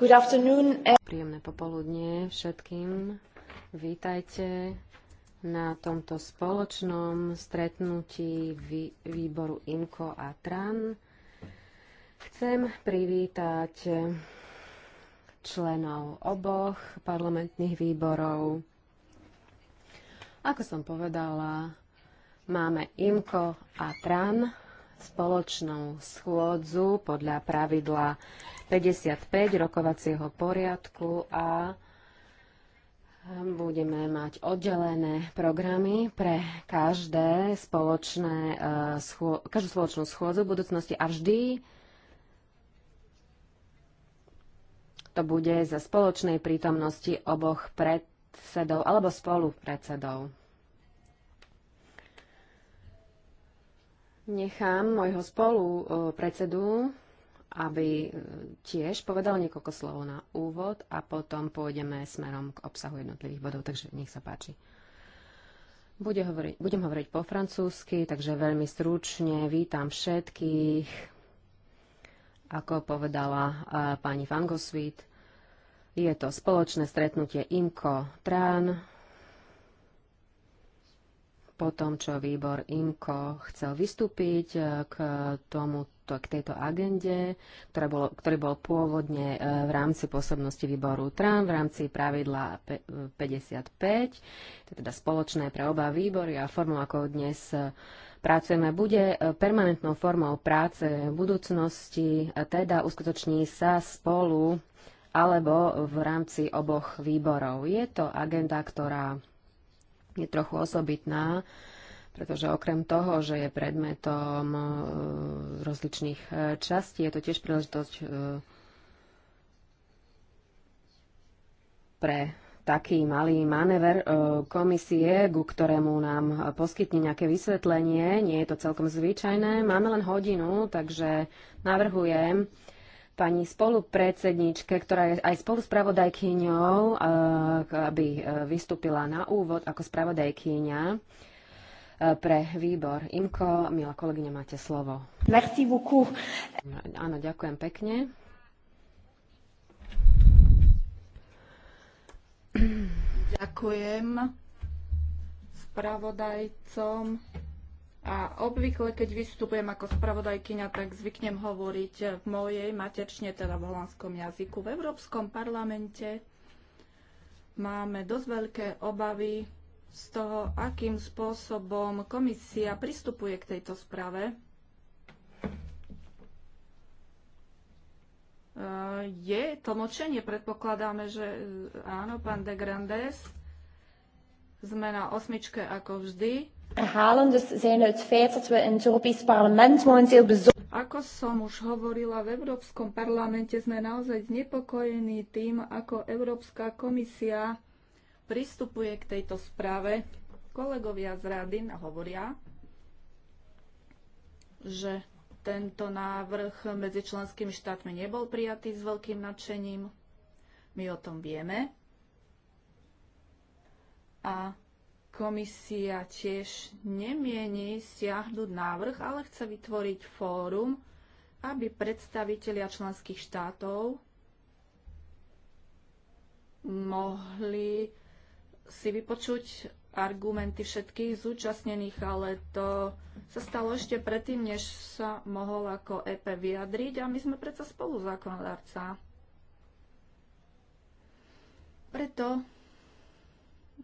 Good afternoon. Eh. Príjemné popoludne všetkým. Vítajte na tomto spoločnom stretnutí výboru IMCO a TRAN. Chcem privítať členov oboch parlamentných výborov. Ako som povedala, máme IMCO a TRAN spoločnú schôdzu podľa pravidla 55 rokovacieho poriadku a budeme mať oddelené programy pre každé spoločné, e, schô, každú spoločnú schôdzu v budúcnosti a vždy to bude za spoločnej prítomnosti oboch predsedov alebo spolupredsedov. Nechám môjho spolu predsedu, aby e, tiež povedal niekoľko slov na úvod a potom pôjdeme smerom k obsahu jednotlivých bodov, takže nech sa páči. Bude hovoriť, budem hovoriť po francúzsky, takže veľmi stručne vítam všetkých. Ako povedala e, pani Fangosvit, je to spoločné stretnutie IMCO TRAN po tom, čo výbor IMKO chcel vystúpiť eh, k tomu, k tejto agende, ktorá bolo, ktorý bol pôvodne eh, v rámci pôsobnosti výboru TRAM, v rámci pravidla 55, eh, to je teda spoločné pre oba výbory a formou, ako dnes pracujeme, bude permanentnou formou práce v budúcnosti, teda uskutoční sa spolu alebo v rámci oboch výborov. Je to agenda, ktorá je trochu osobitná, pretože okrem toho, že je predmetom e, rozličných e, častí, je to tiež príležitosť e, pre taký malý manéver komisie, ku ktorému nám poskytne nejaké vysvetlenie. Nie je to celkom zvyčajné. Máme len hodinu, takže navrhujem, pani spolupredsedničke, ktorá je aj spoluspravodajkyňou, eh, aby eh, vystúpila na úvod ako spravodajkyňa eh, pre výbor. Imko, milá kolegyňa, máte slovo. Merci beaucoup. Áno, ďakujem pekne. Ďakujem spravodajcom a obvykle, keď vystupujem ako spravodajkyňa, tak zvyknem hovoriť v mojej matečne, teda v holandskom jazyku. V Európskom parlamente máme dosť veľké obavy z toho, akým spôsobom komisia pristupuje k tejto sprave. E, je tlmočenie, predpokladáme, že e, áno, pán de Grandes. Sme na osmičke ako vždy herhalen. Dus zijn het feit dat we in het Europees Parlement momenteel bezorgd ako som už hovorila, v Európskom parlamente sme naozaj znepokojení tým, ako Európska komisia pristupuje k tejto správe. Kolegovia z rady hovoria, že tento návrh medzi členskými štátmi nebol prijatý s veľkým nadšením. My o tom vieme. A Komisia tiež nemieni stiahnuť návrh, ale chce vytvoriť fórum, aby predstavitelia členských štátov mohli si vypočuť argumenty všetkých zúčastnených, ale to sa stalo ešte predtým, než sa mohol ako EP vyjadriť a my sme predsa spolu zákonodárca. Preto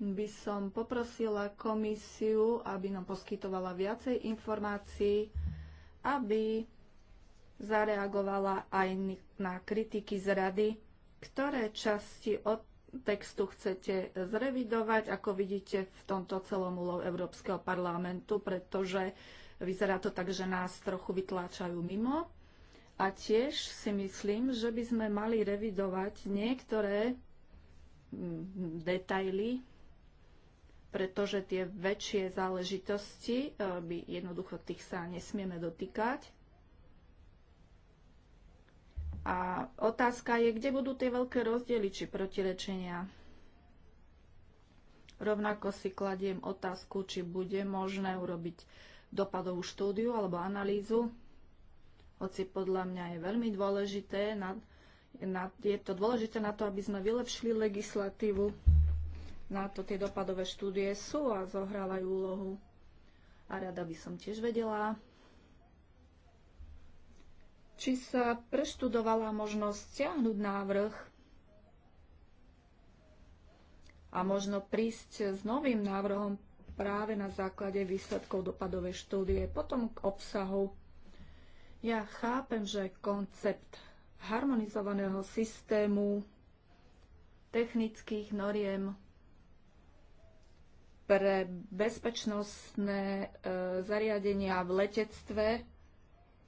by som poprosila komisiu, aby nám poskytovala viacej informácií, aby zareagovala aj na kritiky z rady, ktoré časti od textu chcete zrevidovať, ako vidíte v tomto celom úlohu Európskeho parlamentu, pretože vyzerá to tak, že nás trochu vytláčajú mimo. A tiež si myslím, že by sme mali revidovať niektoré mm, detaily pretože tie väčšie záležitosti by e, jednoducho tých sa nesmieme dotýkať. A otázka je, kde budú tie veľké rozdiely či protirečenia. Rovnako si kladiem otázku, či bude možné urobiť dopadovú štúdiu alebo analýzu, hoci podľa mňa je veľmi dôležité, na, na, je to dôležité na to, aby sme vylepšili legislatívu na to tie dopadové štúdie sú a zohrávajú úlohu. A rada by som tiež vedela, či sa preštudovala možnosť stiahnuť návrh a možno prísť s novým návrhom práve na základe výsledkov dopadovej štúdie, potom k obsahu. Ja chápem, že koncept harmonizovaného systému technických noriem pre bezpečnostné e, zariadenia v letectve,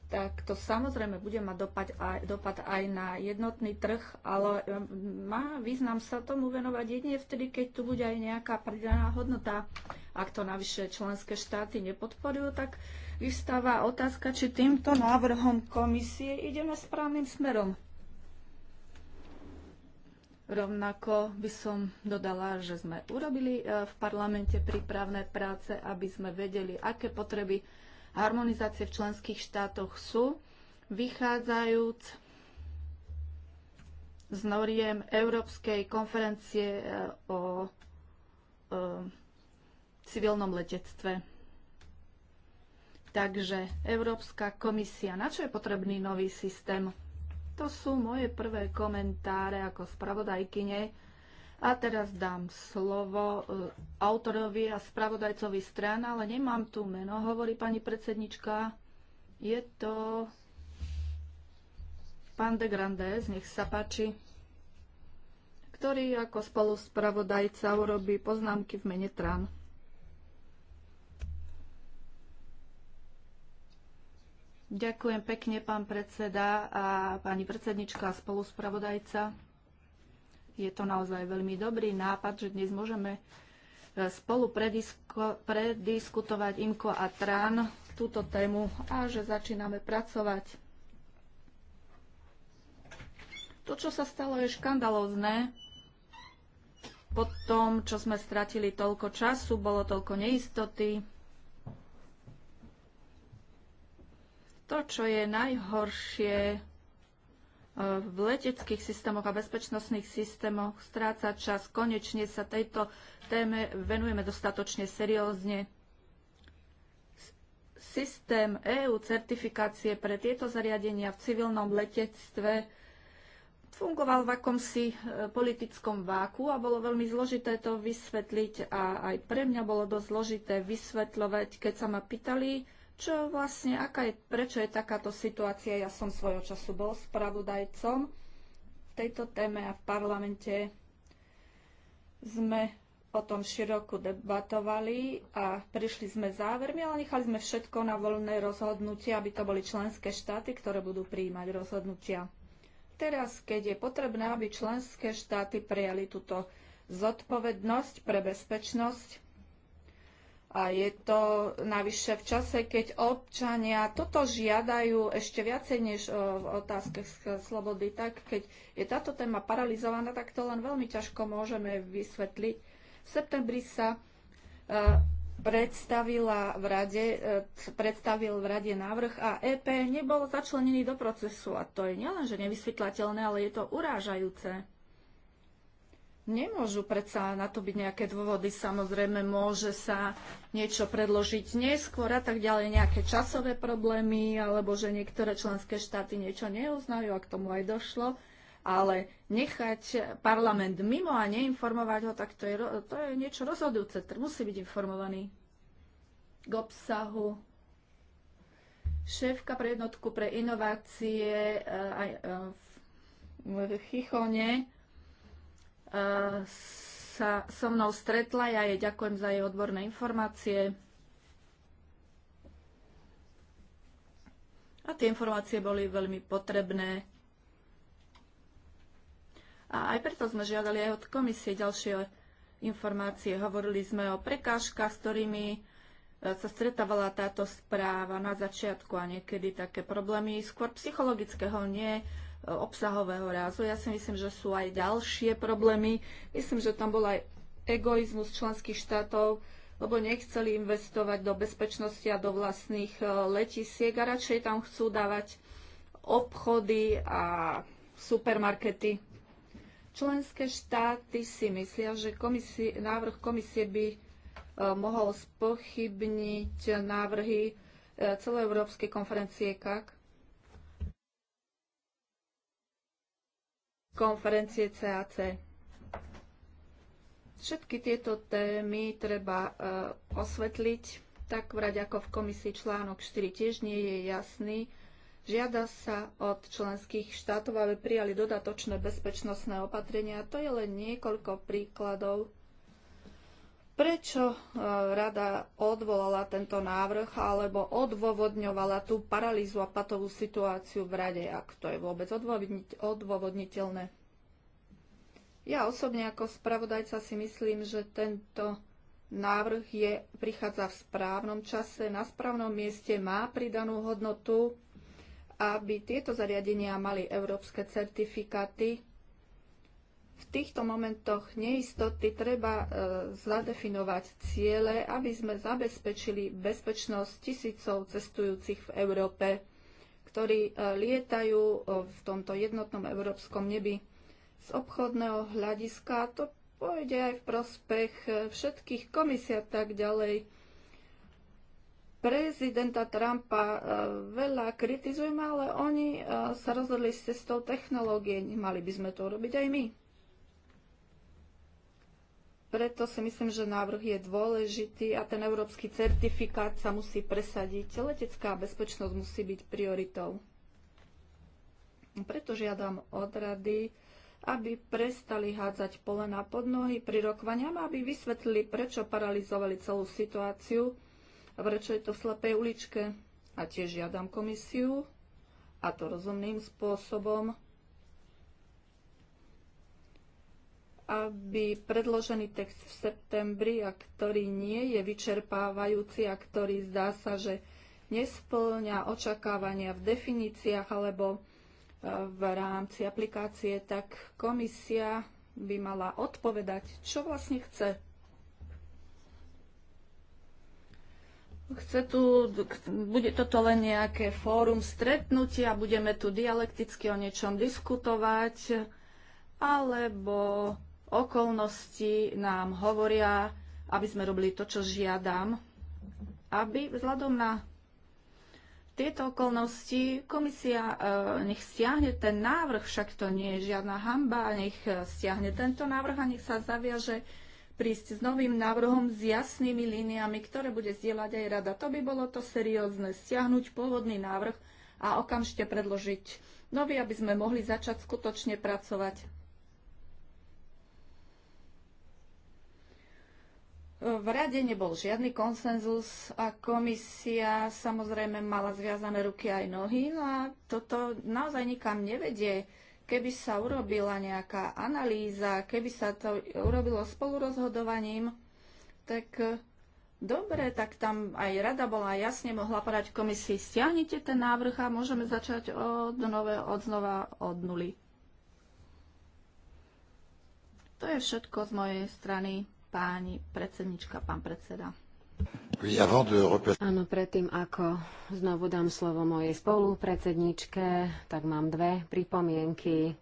tak to samozrejme bude mať dopad aj, dopad aj na jednotný trh, ale e, má význam sa tomu venovať jedine vtedy, keď tu bude aj nejaká pridaná hodnota. Ak to navyše členské štáty nepodporujú, tak vyvstáva otázka, či týmto návrhom komisie ideme správnym smerom. Rovnako by som dodala, že sme urobili e, v parlamente prípravné práce, aby sme vedeli, aké potreby harmonizácie v členských štátoch sú, vychádzajúc z noriem Európskej konferencie e, o, o e, civilnom letectve. Takže Európska komisia, na čo je potrebný nový systém to sú moje prvé komentáre ako spravodajkyne. A teraz dám slovo e, autorovi a spravodajcovi stran, ale nemám tu meno, hovorí pani predsednička. Je to pán de Grandes, nech sa páči, ktorý ako spoluspravodajca urobí poznámky v mene Trump. Ďakujem pekne, pán predseda a pani predsednička a spoluspravodajca. Je to naozaj veľmi dobrý nápad, že dnes môžeme e, spolu predisko, prediskutovať IMKO a TRAN túto tému a že začíname pracovať. To, čo sa stalo, je škandalozné. Po tom, čo sme stratili toľko času, bolo toľko neistoty, To, čo je najhoršie e, v leteckých systémoch a bezpečnostných systémoch, stráca čas. Konečne sa tejto téme venujeme dostatočne seriózne. Systém EU certifikácie pre tieto zariadenia v civilnom letectve fungoval v akomsi e, politickom váku a bolo veľmi zložité to vysvetliť a aj pre mňa bolo dosť zložité vysvetľovať, keď sa ma pýtali, čo vlastne, aká je, prečo je takáto situácia. Ja som svojho času bol spravodajcom v tejto téme a v parlamente sme o tom široko debatovali a prišli sme závermi, ale nechali sme všetko na voľné rozhodnutie, aby to boli členské štáty, ktoré budú prijímať rozhodnutia. Teraz, keď je potrebné, aby členské štáty prijali túto zodpovednosť pre bezpečnosť, a je to navyše v čase, keď občania toto žiadajú ešte viacej než e, v otázke slobody, tak keď je táto téma paralizovaná, tak to len veľmi ťažko môžeme vysvetliť. V septembri sa e, predstavila v rade, e, predstavil v rade návrh a EP nebol začlenený do procesu. A to je nielenže nevysvetlateľné, ale je to urážajúce. Nemôžu predsa na to byť nejaké dôvody. Samozrejme, môže sa niečo predložiť neskôr a tak ďalej, nejaké časové problémy, alebo že niektoré členské štáty niečo neuznajú a k tomu aj došlo. Ale nechať parlament mimo a neinformovať ho, tak to je, to je niečo rozhodujúce. Musí byť informovaný k obsahu. Šéfka pre jednotku pre inovácie e, aj e, v Chichone sa so mnou stretla. Ja jej ďakujem za jej odborné informácie. A tie informácie boli veľmi potrebné. A aj preto sme žiadali aj od komisie ďalšie informácie. Hovorili sme o prekážkach, s ktorými e, sa stretávala táto správa na začiatku a niekedy také problémy skôr psychologického, nie obsahového rázu. Ja si myslím, že sú aj ďalšie problémy. Myslím, že tam bol aj egoizmus členských štátov, lebo nechceli investovať do bezpečnosti a do vlastných e, letisiek a radšej tam chcú dávať obchody a supermarkety. Členské štáty si myslia, že komisi- návrh komisie by e, mohol spochybniť návrhy e, celoeurópskej konferencie KAK konferencie CAC. Všetky tieto témy treba e, osvetliť, tak vrať ako v komisii článok 4 tiež nie je jasný. Žiada sa od členských štátov, aby prijali dodatočné bezpečnostné opatrenia. To je len niekoľko príkladov prečo e, rada odvolala tento návrh alebo odôvodňovala tú paralýzu a patovú situáciu v rade, ak to je vôbec odôvodniteľné. Ja osobne ako spravodajca si myslím, že tento návrh je, prichádza v správnom čase, na správnom mieste, má pridanú hodnotu, aby tieto zariadenia mali európske certifikáty v týchto momentoch neistoty treba e, zadefinovať ciele, aby sme zabezpečili bezpečnosť tisícov cestujúcich v Európe, ktorí e, lietajú e, v tomto jednotnom európskom nebi. Z obchodného hľadiska to pôjde aj v prospech všetkých komisí a tak ďalej prezidenta Trumpa veľa kritizujeme, ale oni sa rozhodli s cestou technológie. Mali by sme to urobiť aj my. Preto si myslím, že návrh je dôležitý a ten európsky certifikát sa musí presadiť. Letecká bezpečnosť musí byť prioritou. Preto žiadam od rady, aby prestali hádzať polena pod nohy pri rokovaniam, aby vysvetlili, prečo paralizovali celú situáciu a prečo je to v slepej uličke. A tiež žiadam komisiu, a to rozumným spôsobom, aby predložený text v septembri, a ktorý nie je vyčerpávajúci a ktorý zdá sa, že nesplňa očakávania v definíciách alebo e, v rámci aplikácie, tak komisia by mala odpovedať, čo vlastne chce. Chce tu, bude toto len nejaké fórum stretnutia, budeme tu dialekticky o niečom diskutovať, alebo Okolnosti nám hovoria, aby sme robili to, čo žiadam, aby vzhľadom na tieto okolnosti komisia e, nech stiahne ten návrh, však to nie je žiadna hamba, nech stiahne tento návrh a nech sa zaviaže prísť s novým návrhom s jasnými líniami, ktoré bude zdieľať aj rada. To by bolo to seriózne, stiahnuť pôvodný návrh a okamžite predložiť nový, aby sme mohli začať skutočne pracovať. V rade nebol žiadny konsenzus a komisia samozrejme mala zviazané ruky aj nohy no a toto naozaj nikam nevedie. Keby sa urobila nejaká analýza, keby sa to urobilo spolurozhodovaním, tak eh, dobre, tak tam aj rada bola jasne mohla povedať komisii, stiahnite ten návrh a môžeme začať od, nové, od znova od nuly. To je všetko z mojej strany páni predsednička, pán predseda. Áno, predtým ako znovu dám slovo mojej spolupredsedničke, tak mám dve pripomienky.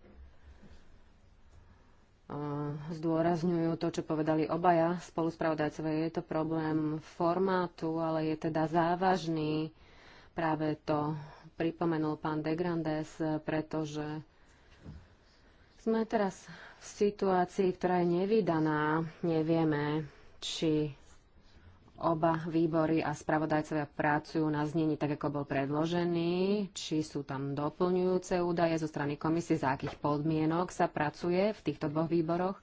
Zdôrazňujú to, čo povedali obaja spoluspravodajcovia. Je to problém formátu, ale je teda závažný. Práve to pripomenul pán De Grandes, pretože sme teraz situácii, ktorá je nevydaná. Nevieme, či oba výbory a spravodajcovia pracujú na znení tak, ako bol predložený, či sú tam doplňujúce údaje zo strany komisie, za akých podmienok sa pracuje v týchto dvoch výboroch.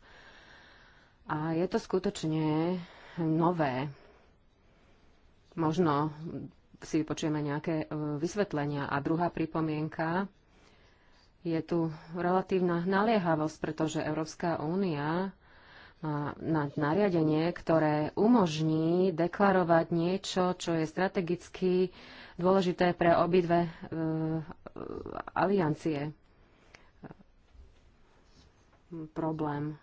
A je to skutočne nové. Možno si vypočujeme nejaké e, vysvetlenia. A druhá pripomienka, je tu relatívna naliehavosť, pretože Európska únia má na nariadenie, ktoré umožní deklarovať niečo, čo je strategicky dôležité pre obidve uh, e, aliancie. Problém.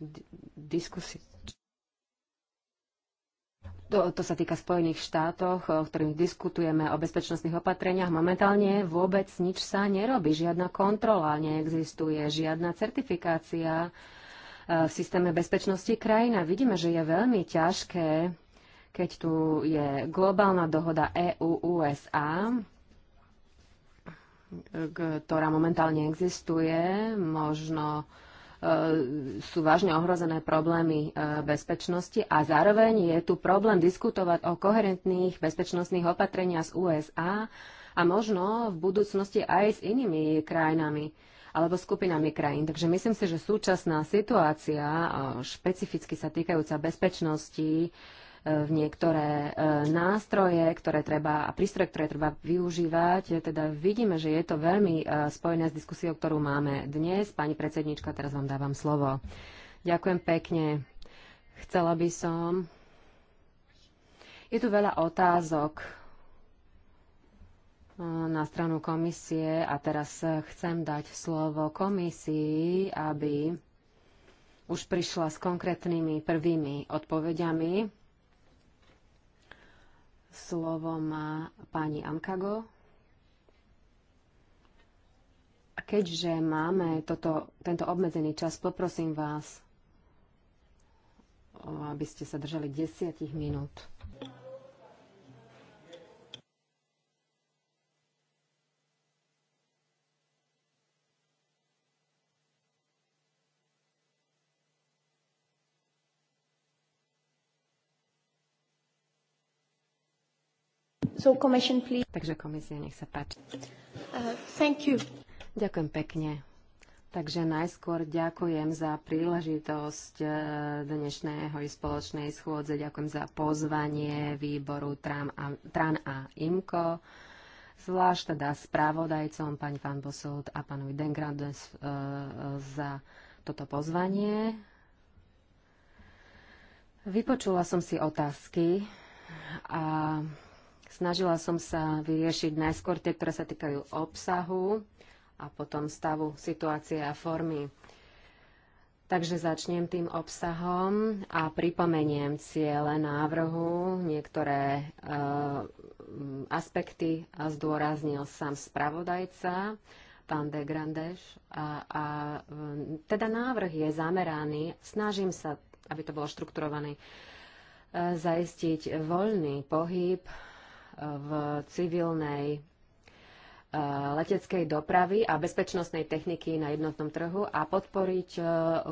D- diskusie. To, to sa týka Spojených štátoch, o ktorých diskutujeme o bezpečnostných opatreniach. Momentálne vôbec nič sa nerobí, žiadna kontrola neexistuje, žiadna certifikácia e, v systéme bezpečnosti krajina. Vidíme, že je veľmi ťažké, keď tu je globálna dohoda EU-USA, e, ktorá momentálne existuje, možno E, sú vážne ohrozené problémy e, bezpečnosti a zároveň je tu problém diskutovať o koherentných bezpečnostných opatreniach z USA a možno v budúcnosti aj s inými krajinami alebo skupinami krajín. Takže myslím si, že súčasná situácia, špecificky sa týkajúca bezpečnosti, v niektoré e, nástroje, ktoré treba, a prístroje, ktoré treba využívať. Teda vidíme, že je to veľmi e, spojené s diskusiou, ktorú máme dnes. Pani predsednička, teraz vám dávam slovo. Ďakujem pekne. Chcela by som. Je tu veľa otázok e, na stranu komisie a teraz chcem dať slovo komisii, aby už prišla s konkrétnymi prvými odpovediami Slovo má pani Amkago. A keďže máme toto, tento obmedzený čas, poprosím vás, aby ste sa držali desiatich minút. So commission, please. Takže komisia, nech sa páči. Uh, thank you. Ďakujem pekne. Takže najskôr ďakujem za príležitosť uh, dnešného i spoločnej schôdze. Ďakujem za pozvanie výboru TRAN a, TRAN a IMKO, zvlášť teda správodajcom pani Van Bosult a pánovi Dengrande uh, za toto pozvanie. Vypočula som si otázky a Snažila som sa vyriešiť najskôr tie, ktoré sa týkajú obsahu a potom stavu, situácie a formy. Takže začnem tým obsahom a pripomeniem ciele návrhu, niektoré e, aspekty a zdôraznil sám spravodajca, pán de Grandes. A, a eh, teda návrh je zameraný, snažím sa, aby to bolo štrukturované, e, eh, zaistiť voľný pohyb v civilnej e, leteckej dopravy a bezpečnostnej techniky na jednotnom trhu a podporiť e,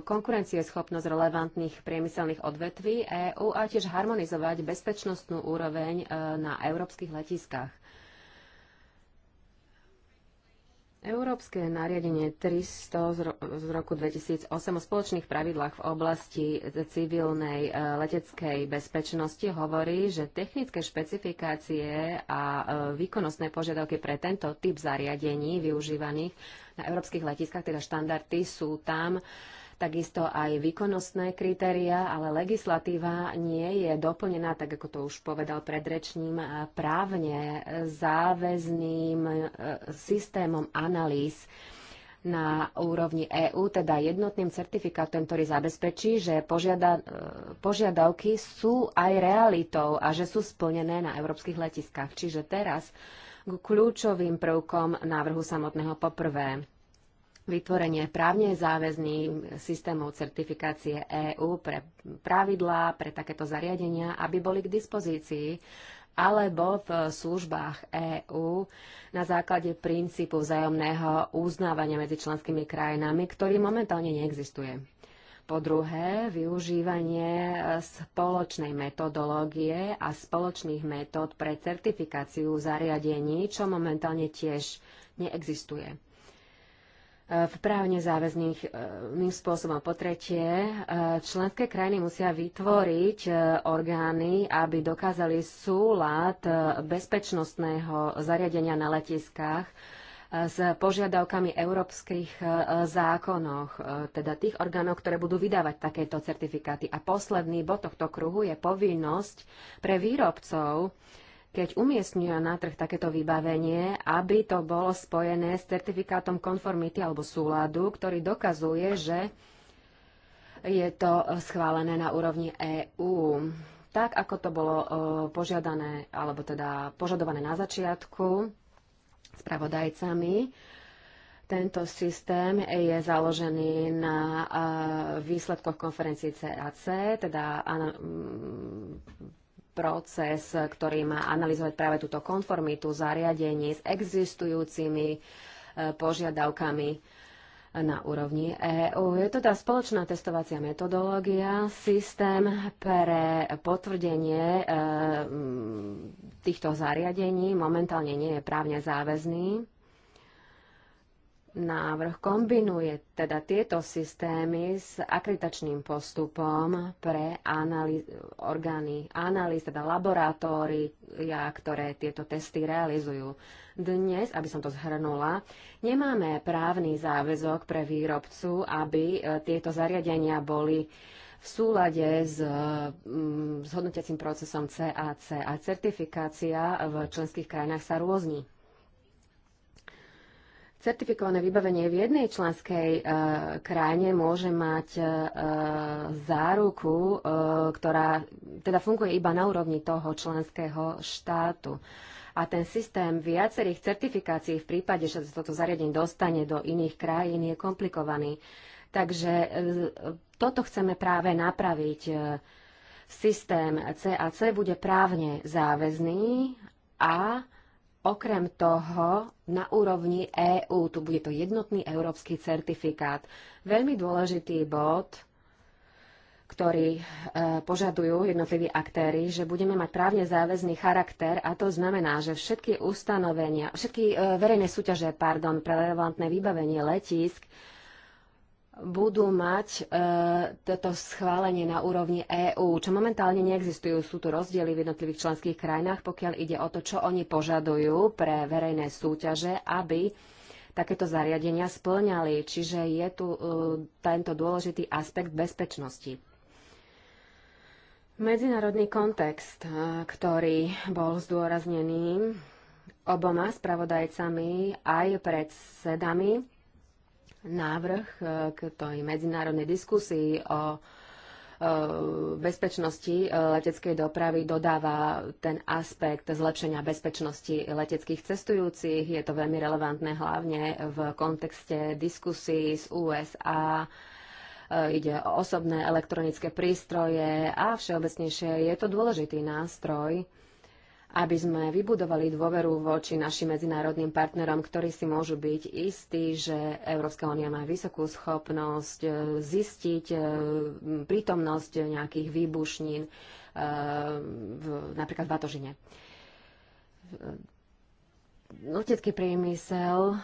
konkurencieschopnosť relevantných priemyselných odvetví EÚ a tiež harmonizovať bezpečnostnú úroveň e, na európskych letiskách. Európske nariadenie 300 z roku 2008 o spoločných pravidlách v oblasti civilnej e, leteckej bezpečnosti hovorí, že technické špecifikácie a e, výkonnostné požiadavky pre tento typ zariadení využívaných na európskych letiskách, teda štandardy sú tam uh, takisto aj výkonnostné kritéria, ale legislatíva nie je doplnená, tak ako to už povedal predrečným, právne záväzným e, systémom analýz na úrovni EÚ, teda jednotným certifikátom, ktorý zabezpečí, že požiada, e, požiadavky sú aj realitou a že sú splnené na európskych letiskách. Čiže teraz k kľúčovým prvkom návrhu samotného poprvé vytvorenie právne záväzných systémov certifikácie EÚ pre pravidlá, pre takéto zariadenia, aby boli k dispozícii alebo v službách EÚ na základe princípu vzájomného uznávania medzi členskými krajinami, ktorý momentálne neexistuje. Po druhé, využívanie spoločnej metodológie a spoločných metód pre certifikáciu zariadení, čo momentálne tiež neexistuje v právne záväzných spôsobom. Po tretie, členské krajiny musia vytvoriť e, orgány, aby dokázali súlad e, bezpečnostného zariadenia na letiskách e, s požiadavkami európskych zákonoch, teda tých orgánov, ktoré budú vydávať takéto certifikáty. A posledný bod tohto kruhu je povinnosť pre výrobcov keď umiestňujú na trh takéto vybavenie, aby to bolo spojené s certifikátom konformity alebo súladu, ktorý dokazuje, že je to schválené na úrovni EÚ. Tak, ako to bolo e, požiadané, alebo teda požadované na začiatku spravodajcami, tento systém je založený na e, výsledkoch konferencii CAC, teda proces, ktorý má analyzovať práve túto konformitu zariadení s existujúcimi e, požiadavkami na úrovni EÚ. Je to tá spoločná testovacia metodológia, systém pre potvrdenie e, týchto zariadení momentálne nie je právne záväzný. Návrh kombinuje teda tieto systémy s akreditačným postupom pre analýz, orgány analýz, teda laboratória, ktoré tieto testy realizujú. Dnes, aby som to zhrnula, nemáme právny záväzok pre výrobcu, aby e, tieto zariadenia boli v súlade s, mm, s hodnotiacím procesom CAC a certifikácia v členských krajinách sa rôzni. Certifikované vybavenie v jednej členskej e, krajine môže mať e, e, záruku, e, ktorá teda funguje iba na úrovni toho členského štátu. A ten systém viacerých certifikácií v prípade, že sa toto zariadenie dostane do iných krajín, je komplikovaný. Takže e, toto chceme práve napraviť. E, systém CAC bude právne záväzný a Okrem toho, na úrovni EÚ, tu bude to jednotný európsky certifikát. Veľmi dôležitý bod, ktorý e, požadujú jednotliví aktéry, že budeme mať právne záväzný charakter a to znamená, že všetky ustanovenia, všetky e, verejné súťaže, pardon, pre relevantné vybavenie letísk budú mať e, toto schválenie na úrovni EÚ, čo momentálne neexistujú. Sú tu rozdiely v jednotlivých členských krajinách, pokiaľ ide o to, čo oni požadujú pre verejné súťaže, aby takéto zariadenia splňali. Čiže je tu e, tento dôležitý aspekt bezpečnosti. Medzinárodný kontext, e, ktorý bol zdôraznený oboma spravodajcami aj predsedami, návrh e, k tej medzinárodnej diskusii o e, bezpečnosti e, leteckej dopravy dodáva ten aspekt zlepšenia bezpečnosti leteckých cestujúcich. Je to veľmi relevantné hlavne v kontexte diskusí z USA. Ide o osobné elektronické prístroje a všeobecnejšie je to dôležitý nástroj aby sme vybudovali dôveru voči našim medzinárodným partnerom, ktorí si môžu byť istí, že Európska únia má vysokú schopnosť e, zistiť e, prítomnosť nejakých výbušnín e, v, napríklad v Batožine. Letecký priemysel,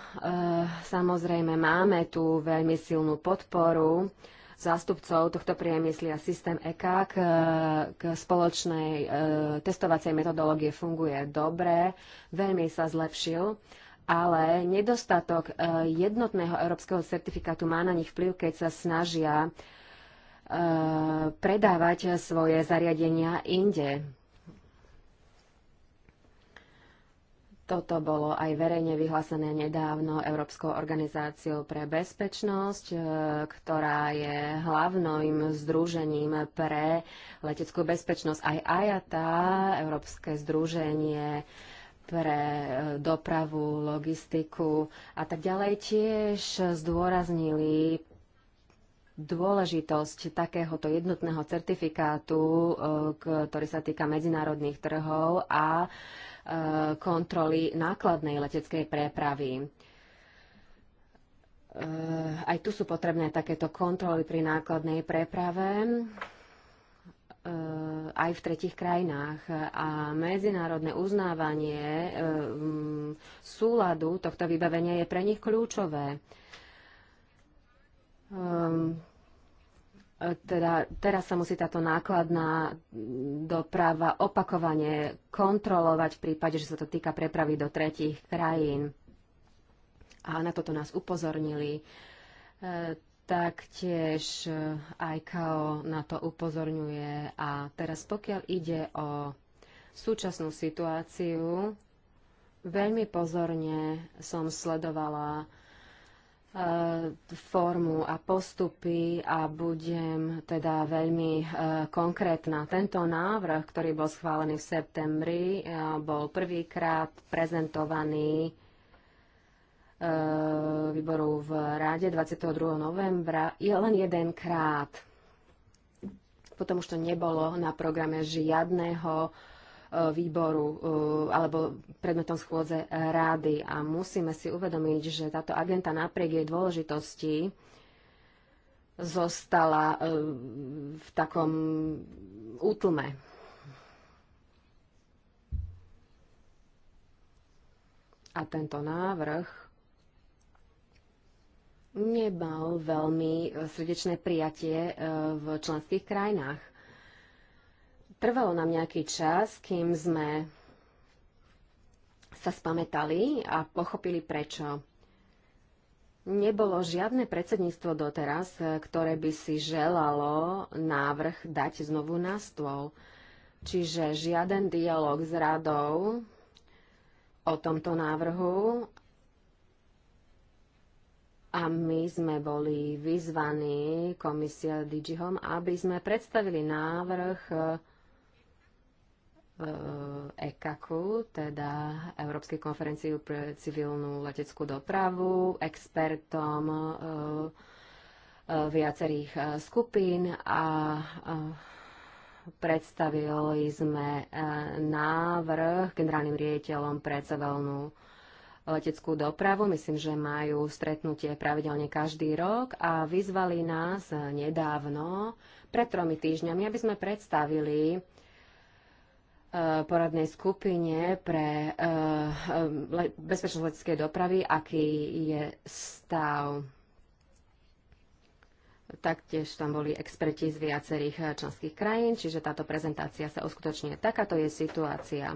samozrejme máme tu veľmi silnú podporu zástupcov tohto priemyslia systém EKA k, k eh, spoločnej e, testovacej metodológie funguje dobre, veľmi sa zlepšil ale nedostatok eh, jednotného európskeho certifikátu má na nich vplyv, keď sa snažia predávať svoje zariadenia inde. Toto bolo aj verejne vyhlásené nedávno Európskou organizáciou pre bezpečnosť, e, ktorá je hlavným združením pre leteckú bezpečnosť. Aj IATA, Európske združenie pre e, dopravu, logistiku a tak ďalej tiež zdôraznili dôležitosť takéhoto jednotného certifikátu, e, ktorý sa týka medzinárodných trhov a Eh, kontroly nákladnej leteckej prepravy. Eh, aj tu sú potrebné takéto kontroly pri nákladnej preprave eh, aj v tretich krajinách a medzinárodné uznávanie mm, súladu tohto vybavenia je pre nich kľúčové. Ehm, teda teraz sa musí táto nákladná doprava opakovane kontrolovať v prípade, že sa to týka prepravy do tretích krajín. A na toto nás upozornili. E, taktiež ICAO e, na to upozorňuje. A teraz pokiaľ ide o súčasnú situáciu, veľmi pozorne som sledovala E, formu a postupy a budem teda veľmi e, konkrétna. Tento návrh, ktorý bol schválený v septembri, e, bol prvýkrát prezentovaný výboru v ráde 22. novembra je len jedenkrát. Potom už to nebolo na programe žiadneho Eh, výboru eh, alebo predmetom schôdze rády. A musíme si uvedomiť, že táto agenta napriek jej dôležitosti zostala eh, v takom útlme. A tento návrh nemal veľmi srdečné prijatie v členských krajinách. Trvalo nám nejaký čas, kým sme sa spametali a pochopili prečo. Nebolo žiadne predsedníctvo doteraz, ktoré by si želalo návrh dať znovu na stôl. Čiže žiaden dialog s radou o tomto návrhu a my sme boli vyzvaní komisia Digihom, aby sme predstavili návrh ECACu, eh, e teda Európskej konferenciu pre civilnú leteckú dopravu, expertom eh, eh, viacerých skupín a predstavili sme návrh generálnym riaditeľom pre civilnú leteckú dopravu. Myslím, že majú stretnutie pravidelne každý rok a vyzvali nás nedávno, pred tromi týždňami, aby sme predstavili Eh, poradnej skupine pre eh, bezpečnosť leteckej dopravy, aký je stav. Taktiež tam boli experti z viacerých eh, členských krajín, čiže táto prezentácia sa uskutočňuje. Takáto je situácia.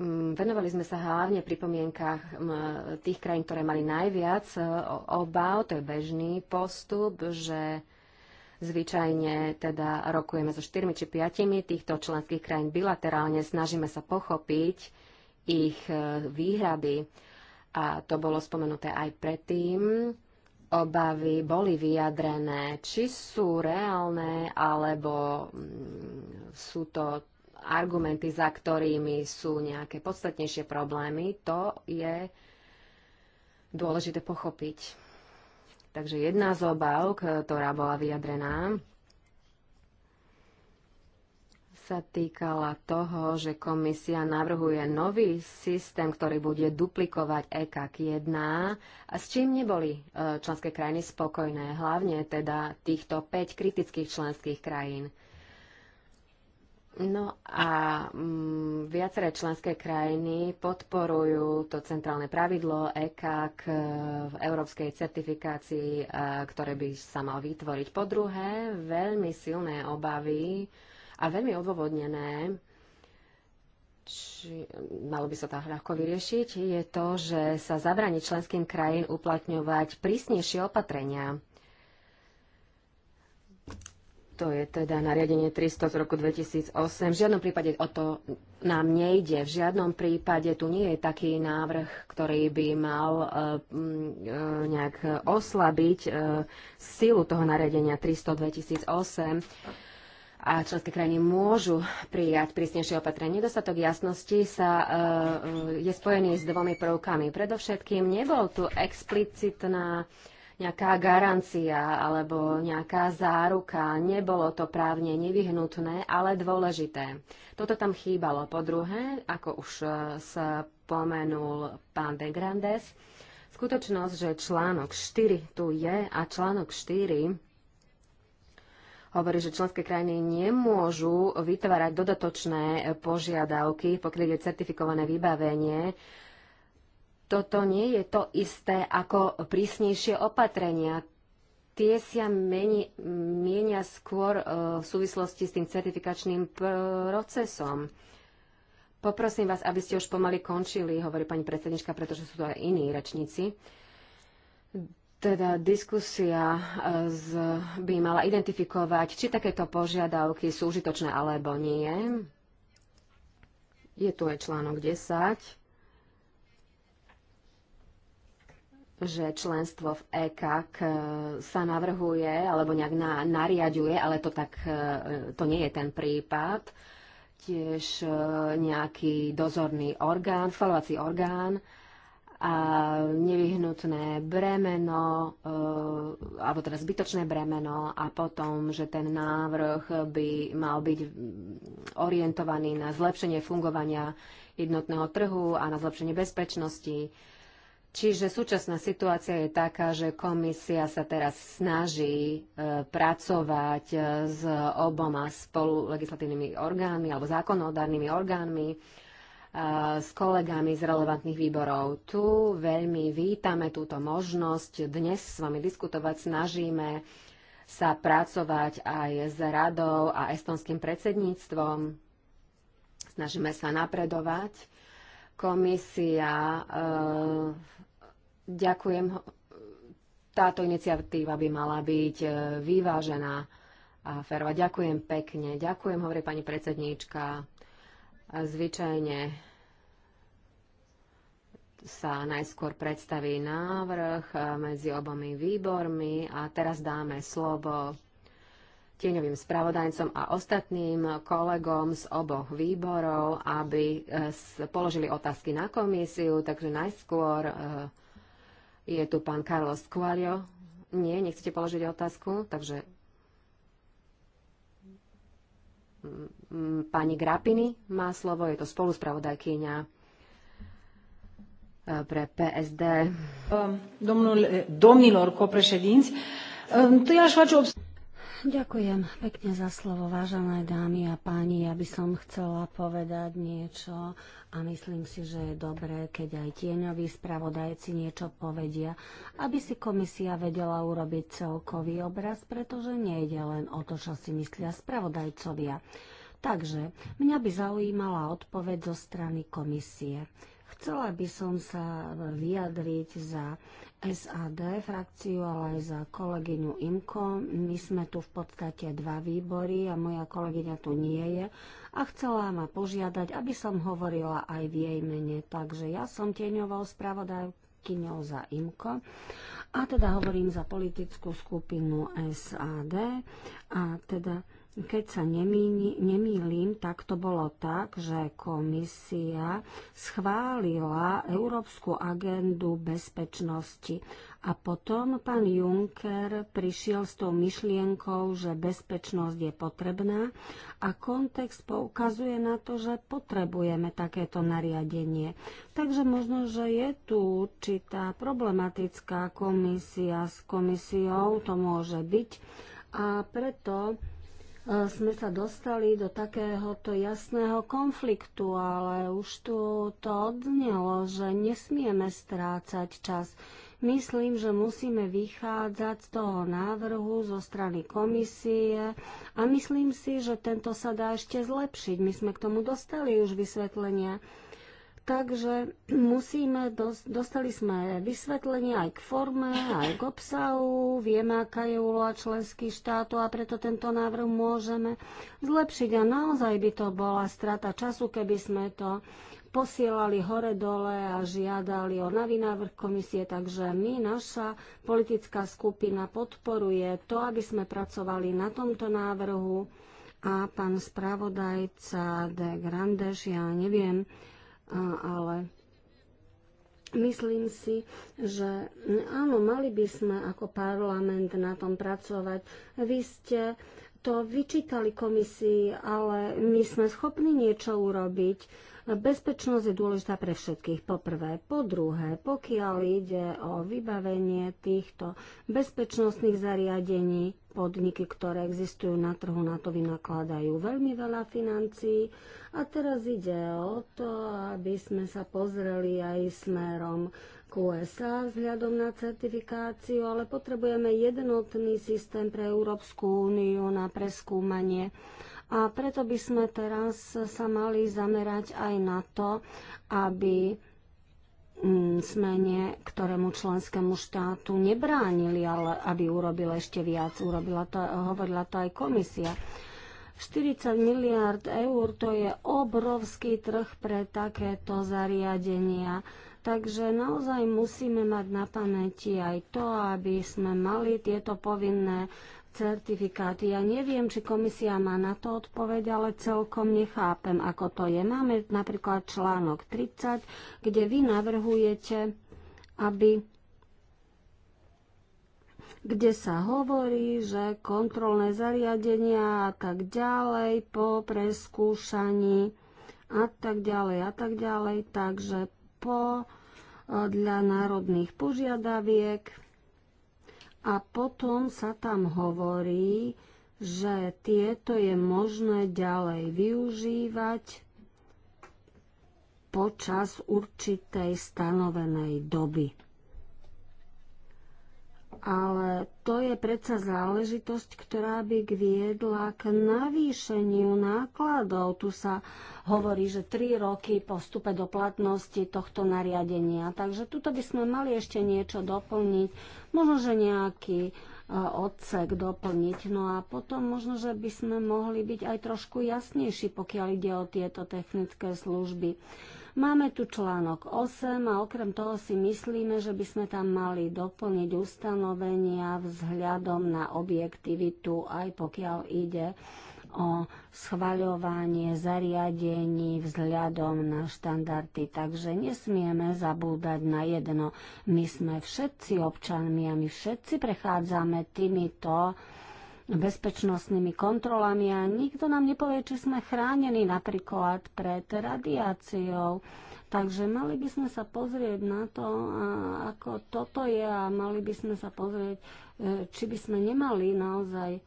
Mm, venovali sme sa hlavne pripomienkách mm, tých krajín, ktoré mali najviac e, obav, to je bežný postup, že zvyčajne teda rokujeme so štyrmi či piatimi týchto členských krajín bilaterálne, snažíme sa pochopiť ich e, výhrady. A to bolo spomenuté aj predtým. Obavy boli vyjadrené, či sú reálne, alebo mm, sú to argumenty, za ktorými sú nejaké podstatnejšie problémy, to je dôležité pochopiť. Takže jedna z obav, ktorá bola vyjadrená, sa týkala toho, že komisia navrhuje nový systém, ktorý bude duplikovať EKAK 1, a s čím neboli e, členské krajiny spokojné, hlavne teda týchto 5 kritických členských krajín. No a mm, viaceré členské krajiny podporujú to centrálne pravidlo ECAC v európskej certifikácii, ktoré by sa mal vytvoriť. Po druhé, veľmi silné obavy a veľmi odôvodnené, či malo by sa to ľahko vyriešiť, je to, že sa zabraní členským krajín uplatňovať prísnejšie opatrenia to je teda nariadenie 300 z roku 2008. V žiadnom prípade o to nám nejde. V žiadnom prípade tu nie je taký návrh, ktorý by mal e, e, nejak oslabiť e, silu toho nariadenia 300 2008 a členské krajiny môžu prijať prísnejšie opatrenie. Nedostatok jasnosti sa, je spojený s dvomi prvkami. Predovšetkým nebol tu explicitná nejaká garancia alebo nejaká záruka. Nebolo to právne nevyhnutné, ale dôležité. Toto tam chýbalo. Po druhé, ako už e, spomenul pán de Grandes, skutočnosť, že článok 4 tu je a článok 4 hovorí, že členské krajiny nemôžu vytvárať dodatočné požiadavky, pokiaľ je certifikované vybavenie toto nie je to isté ako prísnejšie opatrenia. Tie sa menia mienia skôr e, v súvislosti s tým certifikačným procesom. Poprosím vás, aby ste už pomaly končili, hovorí pani predsednička, pretože sú tu aj iní rečníci. Teda diskusia e, z, by mala identifikovať, či takéto požiadavky sú užitočné alebo nie. Je tu aj článok 10 že členstvo v EKAK e, sa navrhuje alebo nejak na, nariaduje, ale to tak e, to nie je ten prípad. Tiež e, nejaký dozorný orgán, schvalovací orgán a nevyhnutné bremeno, alebo teda zbytočné bremeno a potom, že ten návrh by mal byť orientovaný na zlepšenie fungovania jednotného trhu a na zlepšenie bezpečnosti Čiže súčasná situácia je taká, že komisia sa teraz snaží e, pracovať e, s oboma spolu legislatívnymi orgánmi alebo zákonodárnymi orgánmi, e, s kolegami z relevantných výborov. Tu veľmi vítame túto možnosť dnes s vami diskutovať. Snažíme sa pracovať aj s radou a estonským predsedníctvom. Snažíme sa napredovať. Komisia Ďakujem. Táto iniciatíva by mala byť e, vyvážená a férová. Ďakujem pekne. Ďakujem, hovorí pani predsedníčka. Zvyčajne sa najskôr predstaví návrh e, medzi obomi výbormi a teraz dáme slovo tieňovým spravodajcom a ostatným kolegom z oboch výborov, aby e, položili otázky na komisiu. Takže najskôr je tu pán Carlos Coelho. Nie, nechcete položiť otázku, takže pani Grapini má slovo, je to spoluspravodajkyňa e, pre PSD. Domnilor, domnilor copreședinți, e, întâi aș face obs- Ďakujem pekne za slovo, vážené dámy a páni. Ja by som chcela povedať niečo a myslím si, že je dobré, keď aj tieňoví spravodajci niečo povedia, aby si komisia vedela urobiť celkový obraz, pretože nejde len o to, čo si myslia spravodajcovia. Takže mňa by zaujímala odpoveď zo strany komisie. Chcela by som sa vyjadriť za SAD frakciu, ale aj za kolegyňu Imko. My sme tu v podstate dva výbory a moja kolegyňa tu nie je a chcela ma požiadať, aby som hovorila aj v jej mene. Takže ja som tieňovou spravodajkyňou za Imko a teda hovorím za politickú skupinu SAD a teda keď sa nemýni, nemýlim, tak to bolo tak, že komisia schválila Európsku agendu bezpečnosti a potom pán Juncker prišiel s tou myšlienkou, že bezpečnosť je potrebná a kontext poukazuje na to, že potrebujeme takéto nariadenie. Takže možno, že je tu určitá problematická komisia s komisiou, to môže byť a preto E, sme sa dostali do takéhoto jasného konfliktu, ale už tu to odznelo, že nesmieme strácať čas. Myslím, že musíme vychádzať z toho návrhu zo strany komisie a myslím si, že tento sa dá ešte zlepšiť. My sme k tomu dostali už vysvetlenia. Takže musíme, dostali sme vysvetlenie aj k forme, aj k obsahu, vieme, aká je úloha členských štátov a preto tento návrh môžeme zlepšiť. A naozaj by to bola strata času, keby sme to posielali hore-dole a žiadali o nový návrh komisie, takže my, naša politická skupina podporuje to, aby sme pracovali na tomto návrhu a pán spravodajca de Grandes, ja neviem, ale Myslím si, že áno, mali by sme ako parlament na tom pracovať. Vy ste to vyčítali komisii, ale my sme schopní niečo urobiť. Bezpečnosť je dôležitá pre všetkých, po prvé. Po druhé, pokiaľ ide o vybavenie týchto bezpečnostných zariadení, podniky, ktoré existujú na trhu, na to vynakladajú veľmi veľa financií. A teraz ide o to, aby sme sa pozreli aj smerom k USA vzhľadom na certifikáciu, ale potrebujeme jednotný systém pre Európsku úniu na preskúmanie a preto by sme teraz sa mali zamerať aj na to, aby mm, smene, ktorému členskému štátu nebránili, ale aby urobil ešte viac. Urobila to, hovorila to aj komisia. 40 miliard eur to je obrovský trh pre takéto zariadenia. Takže naozaj musíme mať na pamäti aj to, aby sme mali tieto povinné certifikáty. Ja neviem, či komisia má na to odpoveď, ale celkom nechápem, ako to je. Máme napríklad článok 30, kde vy navrhujete, aby kde sa hovorí, že kontrolné zariadenia a tak ďalej po preskúšaní a tak ďalej a tak ďalej. Takže po podľa eh, národných požiadaviek a potom sa tam hovorí, že tieto je možné ďalej využívať počas určitej stanovenej doby ale to je predsa záležitosť, ktorá by viedla k navýšeniu nákladov. Tu sa hovorí, že tri roky po vstupe do platnosti tohto nariadenia. Takže tuto by sme mali ešte niečo doplniť, možno, že nejaký e, odsek doplniť. No a potom možno, že by sme mohli byť aj trošku jasnejší, pokiaľ ide o tieto technické služby. Máme tu článok 8 a okrem toho si myslíme, že by sme tam mali doplniť ustanovenia vzhľadom na objektivitu, aj pokiaľ ide o schvaľovanie zariadení vzhľadom na štandardy. Takže nesmieme zabúdať na jedno. My sme všetci občanmi a my všetci prechádzame týmito bezpečnostnými kontrolami a nikto nám nepovie, či sme chránení napríklad pred radiáciou. Takže mali by sme sa pozrieť na to, ako toto je a mali by sme sa pozrieť, e, či by sme nemali naozaj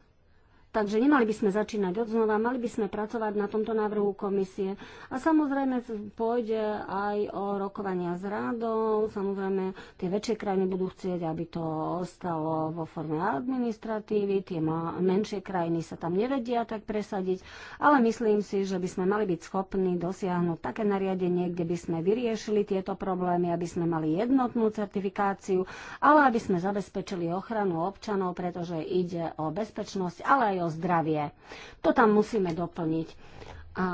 Takže nemali by sme začínať od znova, mali by sme pracovať na tomto návrhu komisie. A samozrejme pôjde aj o rokovania s rádou, samozrejme tie väčšie krajiny budú chcieť, aby to ostalo vo forme administratívy, tie menšie krajiny sa tam nevedia tak presadiť, ale myslím si, že by sme mali byť schopní dosiahnuť také nariadenie, kde by sme vyriešili tieto problémy, aby sme mali jednotnú certifikáciu, ale aby sme zabezpečili ochranu občanov, pretože ide o bezpečnosť, ale aj o o zdravie. To tam musíme doplniť. A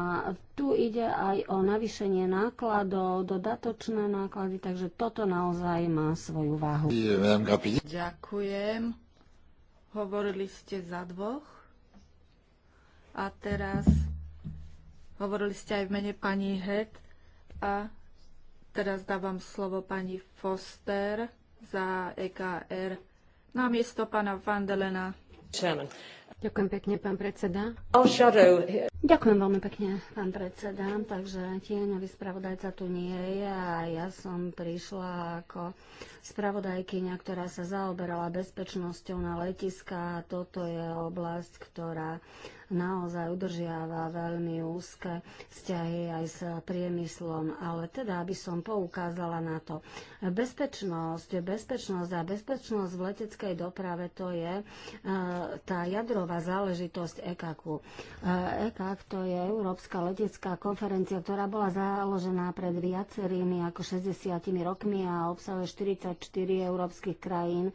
tu ide aj o navýšenie nákladov, dodatočné náklady, takže toto naozaj má svoju váhu. Ďakujem. Hovorili ste za dvoch. A teraz hovorili ste aj v mene pani Het. A teraz dávam slovo pani Foster za EKR na miesto pana Vandelena. Chairman. Ďakujem pekne, pán predseda. Ďakujem veľmi pekne, pán predseda. Takže tieňový spravodajca tu nie je a ja som prišla ako spravodajkyňa, ktorá sa zaoberala bezpečnosťou na letiska. Toto je oblasť, ktorá naozaj udržiava veľmi úzke vzťahy aj s priemyslom, ale teda, aby som poukázala na to. Bezpečnosť, bezpečnosť a bezpečnosť v leteckej doprave to je eh, tá jadro kľúčová záležitosť EKAKu. EKAK e to je Európska letecká konferencia, ktorá bola založená pred viacerými ako 60 rokmi a obsahuje 44 európskych krajín.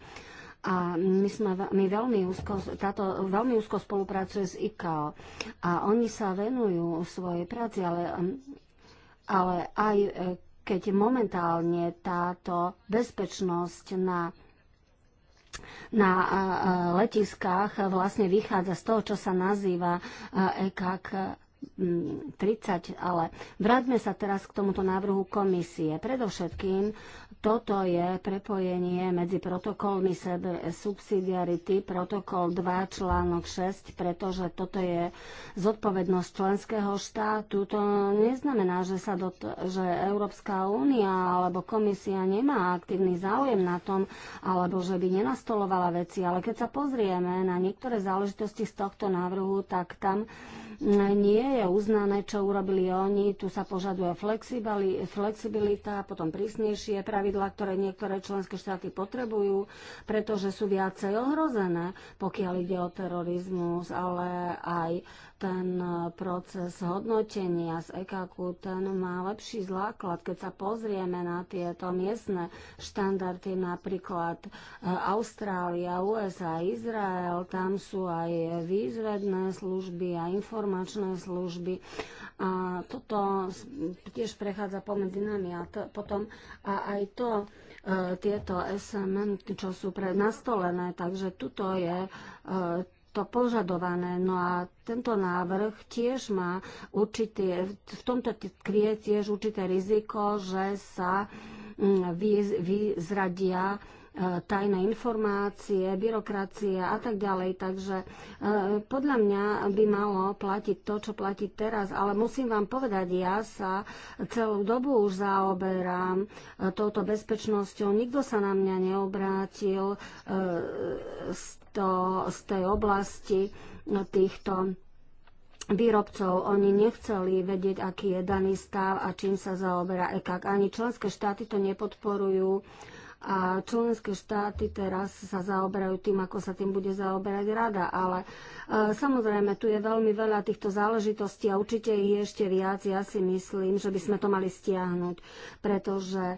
A my, sme, my veľmi, úzko, táto, veľmi úzko spolupracuje s ICAO. A oni sa venujú svojej práci, ale, ale aj e, keď momentálne táto bezpečnosť na na letiskách vlastne vychádza z toho, čo sa nazýva EKAK 30, ale vráťme sa teraz k tomuto návrhu komisie. Predovšetkým toto je prepojenie medzi protokolmi sebe, subsidiarity, protokol 2, článok 6, pretože toto je zodpovednosť členského štátu. To neznamená, že, sa dot, že Európska únia alebo komisia nemá aktívny záujem na tom, alebo že by nenastolovala veci. Ale keď sa pozrieme na niektoré záležitosti z tohto návrhu, tak tam mm, nie je uznané, čo urobili oni. Tu sa požaduje flexibilita, potom prísnejšie pravidlo pravidla, ktoré niektoré členské štáty potrebujú, pretože sú viacej ohrozené, pokiaľ ide o terorizmus, ale aj ten e, proces hodnotenia z EKQ, ten má lepší základ. Keď sa pozrieme na tieto miestne štandardy, napríklad e, Austrália, USA, Izrael, tam sú aj výzvedné služby a informačné služby. A toto tiež prechádza pomedzi nami a to, potom a aj to, e, tieto SMM, čo sú pre nastolené. Takže tuto je to požadované. No a tento návrh tiež má určité, v tomto tkvie tiež určité riziko, že sa mm, vyzradia e, tajné informácie, byrokracie a tak ďalej. Takže e, podľa mňa by malo platiť to, čo platí teraz. Ale musím vám povedať, ja sa celú dobu už zaoberám e, touto bezpečnosťou. Nikto sa na mňa neobrátil s týchto, z tej oblasti no, týchto výrobcov. Oni nechceli vedieť, aký je daný stav a čím sa zaoberá EKAK. Ani členské štáty to nepodporujú a členské štáty teraz sa zaoberajú tým, ako sa tým bude zaoberať rada. Ale e, samozrejme, tu je veľmi veľa týchto záležitostí a určite ich ešte viac. Ja si myslím, že by sme to mali stiahnuť, pretože e,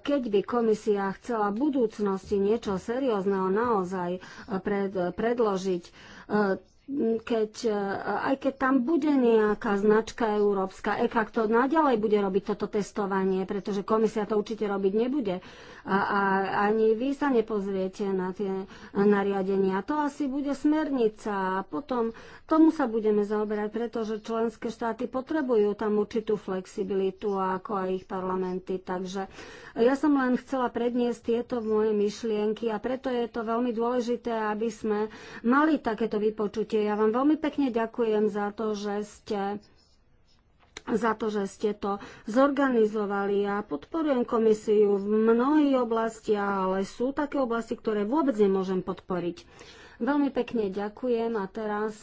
keď by komisia chcela v budúcnosti niečo seriózneho naozaj e, pred, predložiť, e, keď, e, aj keď tam bude nejaká značka európska, EKA to naďalej bude robiť toto testovanie, pretože komisia to určite robiť nebude. A, a ani vy sa nepozriete na tie nariadenia. To asi bude smernica a potom tomu sa budeme zaoberať, pretože členské štáty potrebujú tam určitú flexibilitu, ako aj ich parlamenty. Takže ja som len chcela predniesť tieto moje myšlienky a preto je to veľmi dôležité, aby sme mali takéto vypočutie ja vám veľmi pekne ďakujem za to, že ste za to, že ste to zorganizovali. Ja podporujem komisiu v mnohých oblastiach, ale sú také oblasti, ktoré vôbec nemôžem podporiť. Veľmi pekne ďakujem a teraz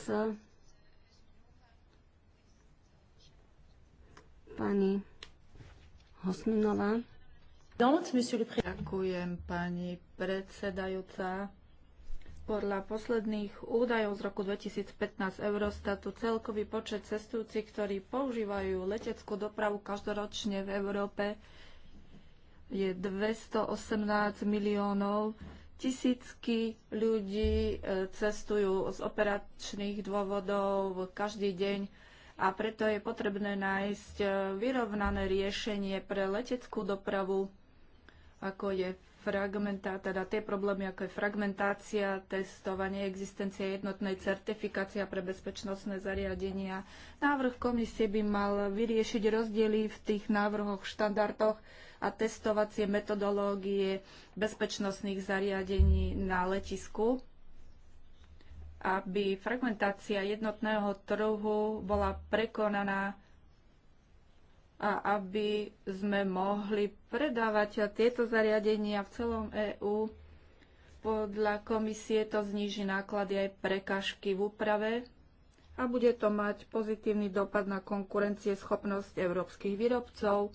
pani Hosminová. Ďakujem, pani predsedajúca. Podľa posledných údajov z roku 2015 Eurostatu celkový počet cestujúcich, ktorí používajú leteckú dopravu každoročne v Európe, je 218 miliónov. Tisícky ľudí e, cestujú z operačných dôvodov každý deň a preto je potrebné nájsť e, vyrovnané riešenie pre leteckú dopravu, ako je fragmentá, teda tie problémy, ako je fragmentácia, testovanie, existencia jednotnej certifikácia pre bezpečnostné zariadenia. Návrh komisie by mal vyriešiť rozdiely v tých návrhoch, štandardoch a testovacie metodológie bezpečnostných zariadení na letisku aby fragmentácia jednotného trhu bola prekonaná a aby sme mohli predávať tieto zariadenia v celom EÚ. Podľa komisie to zníži náklady aj prekažky v úprave a bude to mať pozitívny dopad na konkurencie schopnosť európskych výrobcov.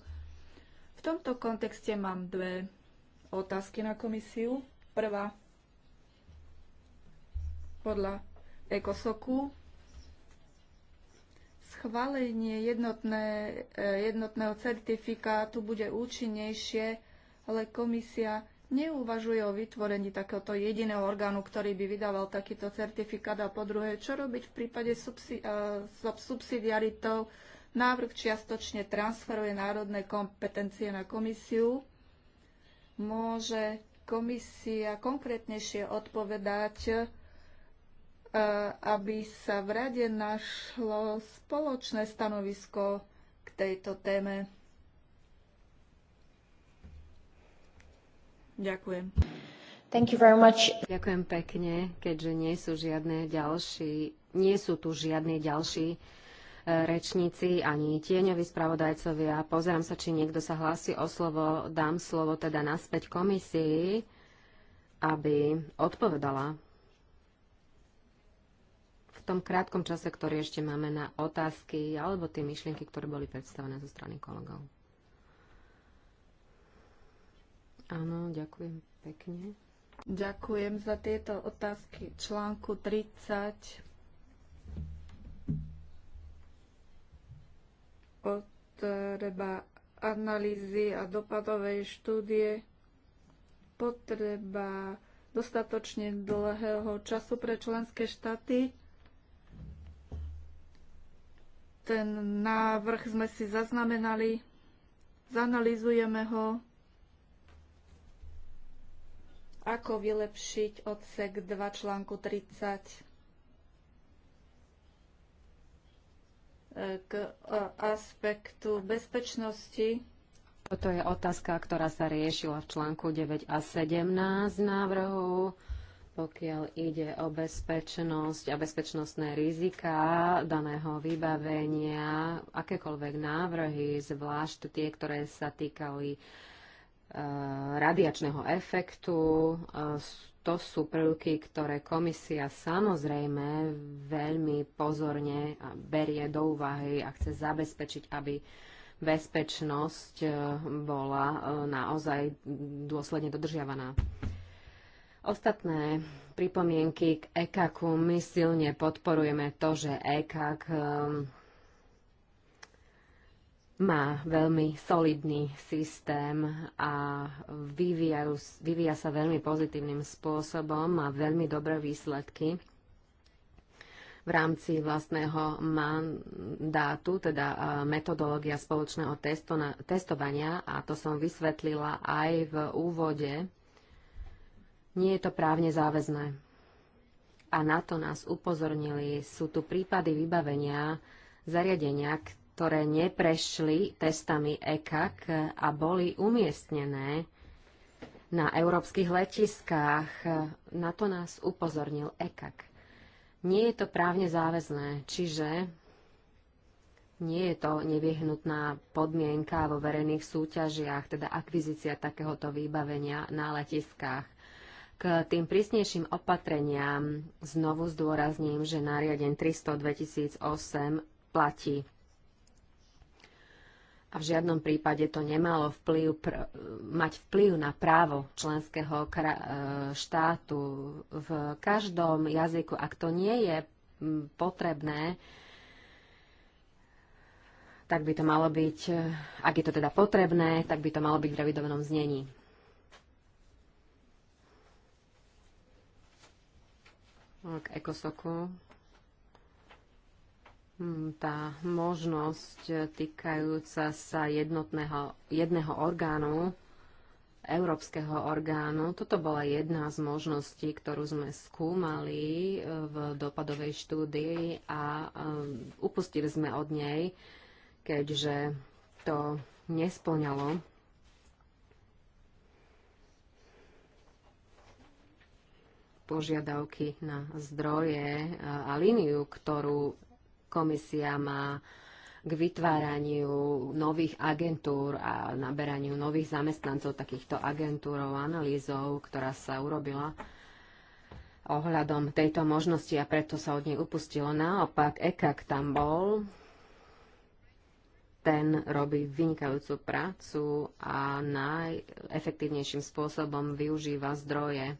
V tomto kontexte mám dve otázky na komisiu. Prvá podľa ECOSOKu Schválenie jednotné, e, jednotného certifikátu bude účinnejšie, ale komisia neuvažuje o vytvorení takéhoto jediného orgánu, ktorý by vydával takýto certifikát. A po druhé, čo robiť v prípade subsi- e, subsidiaritov? Návrh čiastočne transferuje národné kompetencie na komisiu. Môže komisia konkrétnejšie odpovedať aby sa v rade našlo spoločné stanovisko k tejto téme. Ďakujem. Thank you very much. Ďakujem pekne, keďže nie sú, žiadne ďalší, nie sú tu žiadne ďalší e, rečníci ani tieňoví spravodajcovia. Pozerám sa, či niekto sa hlási o slovo. Dám slovo teda naspäť komisii, aby odpovedala tom krátkom čase, ktorý ešte máme na otázky alebo tie myšlienky, ktoré boli predstavené zo strany kolegov. Áno, ďakujem pekne. Ďakujem za tieto otázky článku 30. Potreba analýzy a dopadovej štúdie. Potreba dostatočne dlhého času pre členské štáty ten návrh sme si zaznamenali, zanalizujeme ho, ako vylepšiť odsek 2 článku 30 k e, aspektu bezpečnosti. Toto je otázka, ktorá sa riešila v článku 9 a 17 návrhu pokiaľ ide o bezpečnosť a bezpečnostné riziká daného vybavenia, akékoľvek návrhy, zvlášť tie, ktoré sa týkali e, radiačného efektu. E, to sú prvky, ktoré komisia samozrejme veľmi pozorne berie do úvahy a chce zabezpečiť, aby bezpečnosť e, bola naozaj dôsledne dodržiavaná. Ostatné pripomienky k EKAKu. My silne podporujeme to, že EKAK ehm, má veľmi solidný systém a vyvíja, vyvíja sa veľmi pozitívnym spôsobom, má veľmi dobré výsledky v rámci vlastného mandátu, teda metodológia spoločného testo, testovania a to som vysvetlila aj v úvode nie je to právne záväzné. A na to nás upozornili. Sú tu prípady vybavenia zariadenia, ktoré neprešli testami ECAC a boli umiestnené na európskych letiskách. Na to nás upozornil ECAC. Nie je to právne záväzné, čiže nie je to nevyhnutná podmienka vo verejných súťažiach, teda akvizícia takéhoto vybavenia na letiskách. K tým prísnejším opatreniam znovu zdôrazním, že nariaden 300 2008 platí. A v žiadnom prípade to nemalo vplyv, pr- mať vplyv na právo členského e, štátu. V každom jazyku, ak to nie je potrebné, tak by to malo byť, e, ak je to teda potrebné, tak by to malo byť v revidovanom znení. k ekosoku. Hmm, tá možnosť týkajúca sa jednotného, jedného orgánu, európskeho orgánu, toto bola jedna z možností, ktorú sme skúmali eh, v dopadovej štúdii a eh, upustili sme od nej, keďže to nesplňalo požiadavky na zdroje a líniu, ktorú komisia má k vytváraniu nových agentúr a naberaniu nových zamestnancov takýchto agentúrov, analýzou, ktorá sa urobila ohľadom tejto možnosti a preto sa od nej upustilo. Naopak, EKAK tam bol, ten robí vynikajúcu prácu a najefektívnejším spôsobom využíva zdroje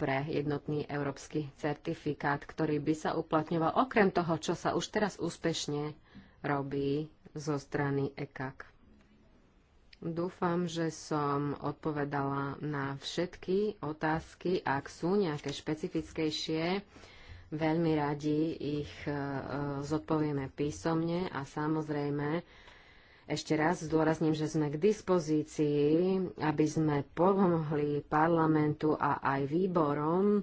pre jednotný európsky certifikát, ktorý by sa uplatňoval okrem toho, čo sa už teraz úspešne robí zo strany EKAK. Dúfam, že som odpovedala na všetky otázky. Ak sú nejaké špecifickejšie, veľmi radi ich e, zodpovieme písomne a samozrejme ešte raz zdôrazním, že sme k dispozícii, aby sme pomohli parlamentu a aj výborom e,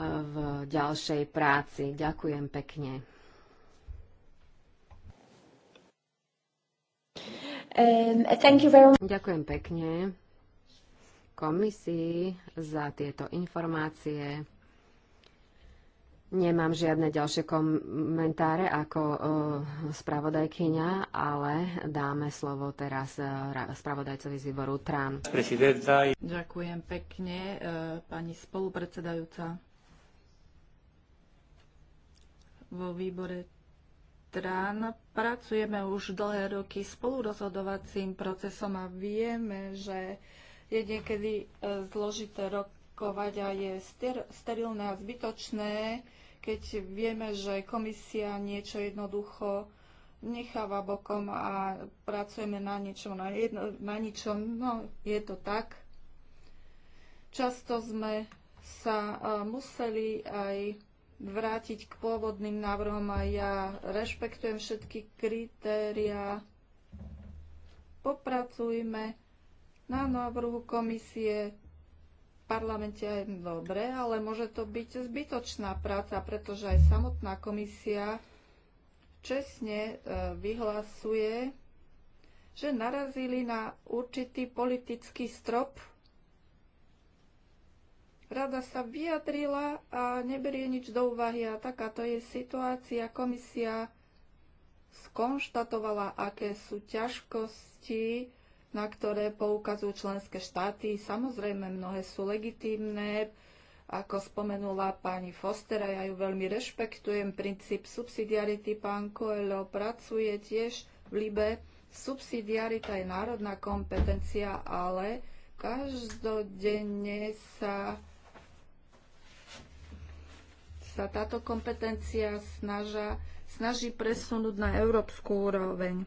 v ďalšej práci. Ďakujem pekne. Um, Ďakujem pekne komisii za tieto informácie. Nemám žiadne ďalšie komentáre ako uh, spravodajkyňa, ale dáme slovo teraz uh, spravodajcovi z výboru Trán. Ďakujem pekne, uh, pani spolupredsedajúca. Vo výbore trán. pracujeme už dlhé roky spolurozhodovacím procesom a vieme, že je niekedy zložité rokovať a je sterilné a zbytočné keď vieme, že komisia niečo jednoducho necháva bokom a pracujeme na niečom, na, jedno, na ničom, no je to tak. Často sme sa e, museli aj vrátiť k pôvodným návrhom a ja rešpektujem všetky kritériá. Popracujme na návrhu komisie parlamente je dobre, ale môže to byť zbytočná práca, pretože aj samotná komisia čestne e, vyhlasuje, že narazili na určitý politický strop. Rada sa vyjadrila a neberie nič do úvahy a takáto je situácia. Komisia skonštatovala, aké sú ťažkosti, na ktoré poukazujú členské štáty. Samozrejme, mnohé sú legitímne, ako spomenula pani Foster, a ja ju veľmi rešpektujem, princíp subsidiarity, pán Coelho pracuje tiež v Libe. Subsidiarita je národná kompetencia, ale každodenne sa, sa táto kompetencia snaža, snaží presunúť na európsku úroveň.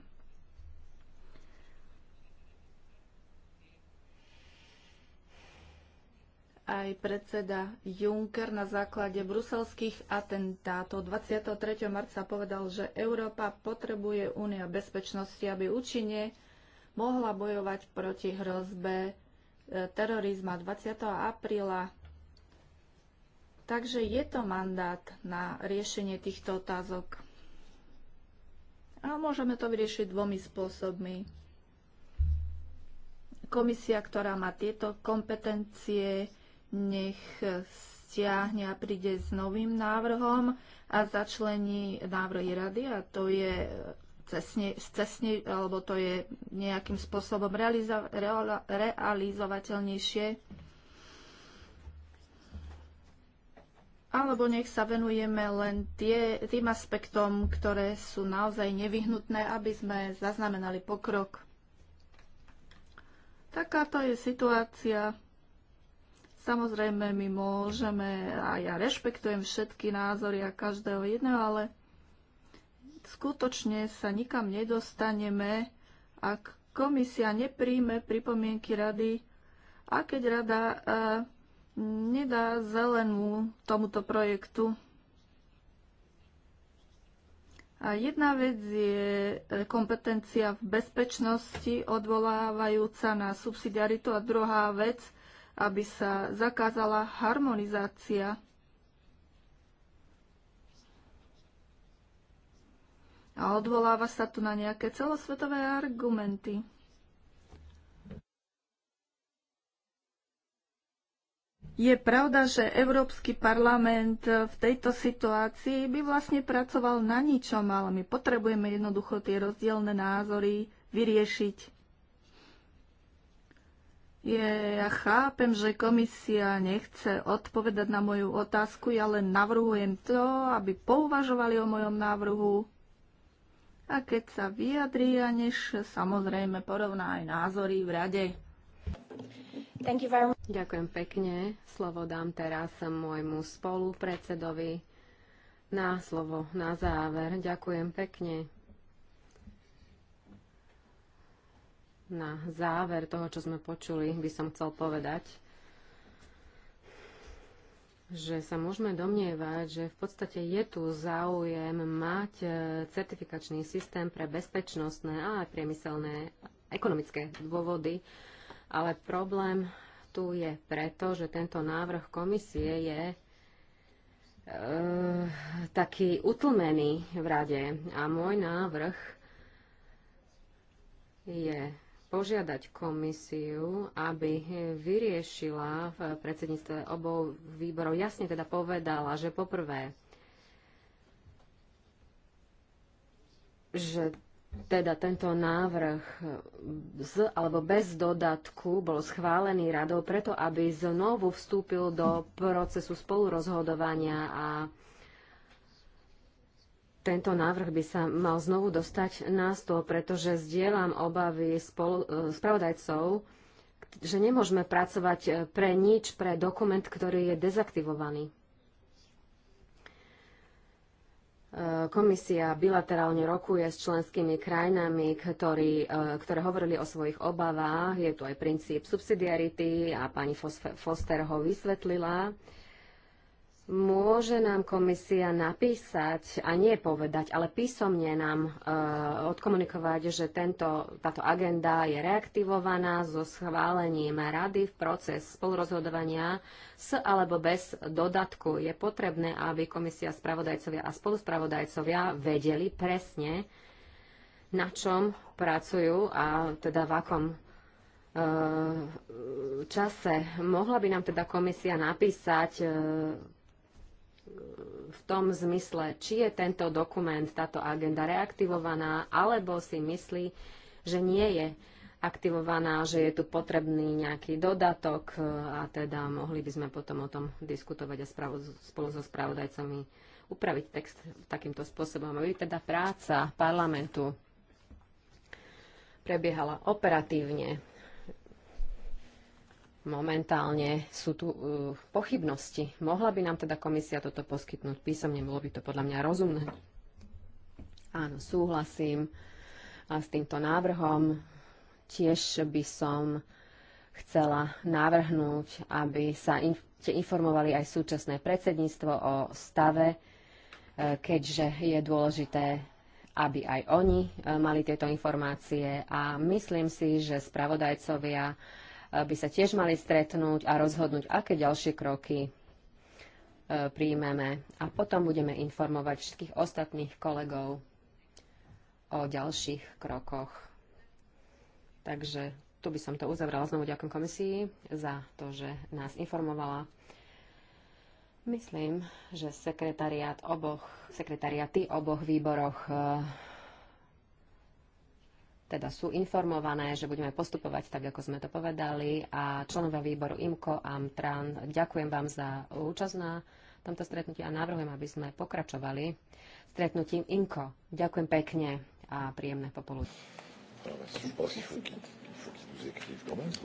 aj predseda Juncker na základe bruselských atentátov 23. marca povedal, že Európa potrebuje únia bezpečnosti, aby účinne mohla bojovať proti hrozbe e, terorizma 20. apríla. Takže je to mandát na riešenie týchto otázok. A môžeme to vyriešiť dvomi spôsobmi. Komisia, ktorá má tieto kompetencie, nech stiahne a príde s novým návrhom a začlení návrhy rady a to je cesne, cesne alebo to je nejakým spôsobom realizo, reala, realizovateľnejšie. Alebo nech sa venujeme len tie, tým aspektom, ktoré sú naozaj nevyhnutné, aby sme zaznamenali pokrok. Takáto je situácia. Samozrejme, my môžeme, a ja rešpektujem všetky názory a každého jedného, ale skutočne sa nikam nedostaneme, ak komisia nepríjme pripomienky rady a keď rada e, nedá zelenú tomuto projektu. A jedna vec je e, kompetencia v bezpečnosti odvolávajúca na subsidiaritu a druhá vec – aby sa zakázala harmonizácia a odvoláva sa tu na nejaké celosvetové argumenty. Je pravda, že Európsky parlament v tejto situácii by vlastne pracoval na ničom, ale my potrebujeme jednoducho tie rozdielne názory vyriešiť. Je, ja chápem, že komisia nechce odpovedať na moju otázku, ja len navrhujem to, aby pouvažovali o mojom návrhu. A keď sa vyjadrí, a než samozrejme porovná aj názory v rade. Thank you very much. Ďakujem pekne. Slovo dám teraz môjmu spolupredsedovi na slovo na záver. Ďakujem pekne. na záver toho, čo sme počuli, by som chcel povedať, že sa môžeme domnievať, že v podstate je tu záujem mať e, certifikačný systém pre bezpečnostné a aj priemyselné ekonomické dôvody, ale problém tu je preto, že tento návrh komisie je e, taký utlmený v rade a môj návrh je požiadať komisiu, aby vyriešila v predsedníctve obou výborov, jasne teda povedala, že poprvé, že teda tento návrh z alebo bez dodatku bol schválený radou preto, aby znovu vstúpil do procesu spolurozhodovania a tento návrh by sa mal znovu dostať na stôl, pretože zdieľam obavy spolu, e, spravodajcov, že nemôžeme pracovať e, pre nič, pre dokument, ktorý je dezaktivovaný. E, komisia bilaterálne rokuje s členskými krajinami, ktorí, ktoré hovorili o svojich obavách. Je tu aj princíp subsidiarity a pani Foster ho vysvetlila. Môže nám komisia napísať, a nie povedať, ale písomne nám e, odkomunikovať, že tento, táto agenda je reaktivovaná so schválením rady v proces spolurozhodovania s alebo bez dodatku. Je potrebné, aby komisia spravodajcovia a spoluspravodajcovia vedeli presne, na čom pracujú a teda v akom e, čase. Mohla by nám teda komisia napísať e, v tom zmysle, či je tento dokument, táto agenda reaktivovaná, alebo si myslí, že nie je aktivovaná, že je tu potrebný nejaký dodatok e, a teda mohli by sme potom o tom diskutovať a spolu so spravodajcami upraviť text takýmto spôsobom, aby teda práca parlamentu prebiehala operatívne momentálne sú tu uh, pochybnosti. Mohla by nám teda komisia toto poskytnúť písomne, bolo by to podľa mňa rozumné. Áno, súhlasím a s týmto návrhom. Tiež by som chcela navrhnúť, aby sa informovali aj súčasné predsedníctvo o stave, eh, keďže je dôležité, aby aj oni eh, mali tieto informácie. A myslím si, že spravodajcovia by sa tiež mali stretnúť a rozhodnúť, aké ďalšie kroky e, príjmeme. A potom budeme informovať všetkých ostatných kolegov o ďalších krokoch. Takže tu by som to uzavrala Znovu ďakujem komisii za to, že nás informovala. Myslím, že sekretariat oboch, sekretariaty oboch výboroch e, teda sú informované, že budeme postupovať tak, ako sme to povedali. A členovia výboru IMKO a Mtran. ďakujem vám za účasť na tomto stretnutí a navrhujem, aby sme pokračovali stretnutím IMCO. Ďakujem pekne a príjemné popoludne.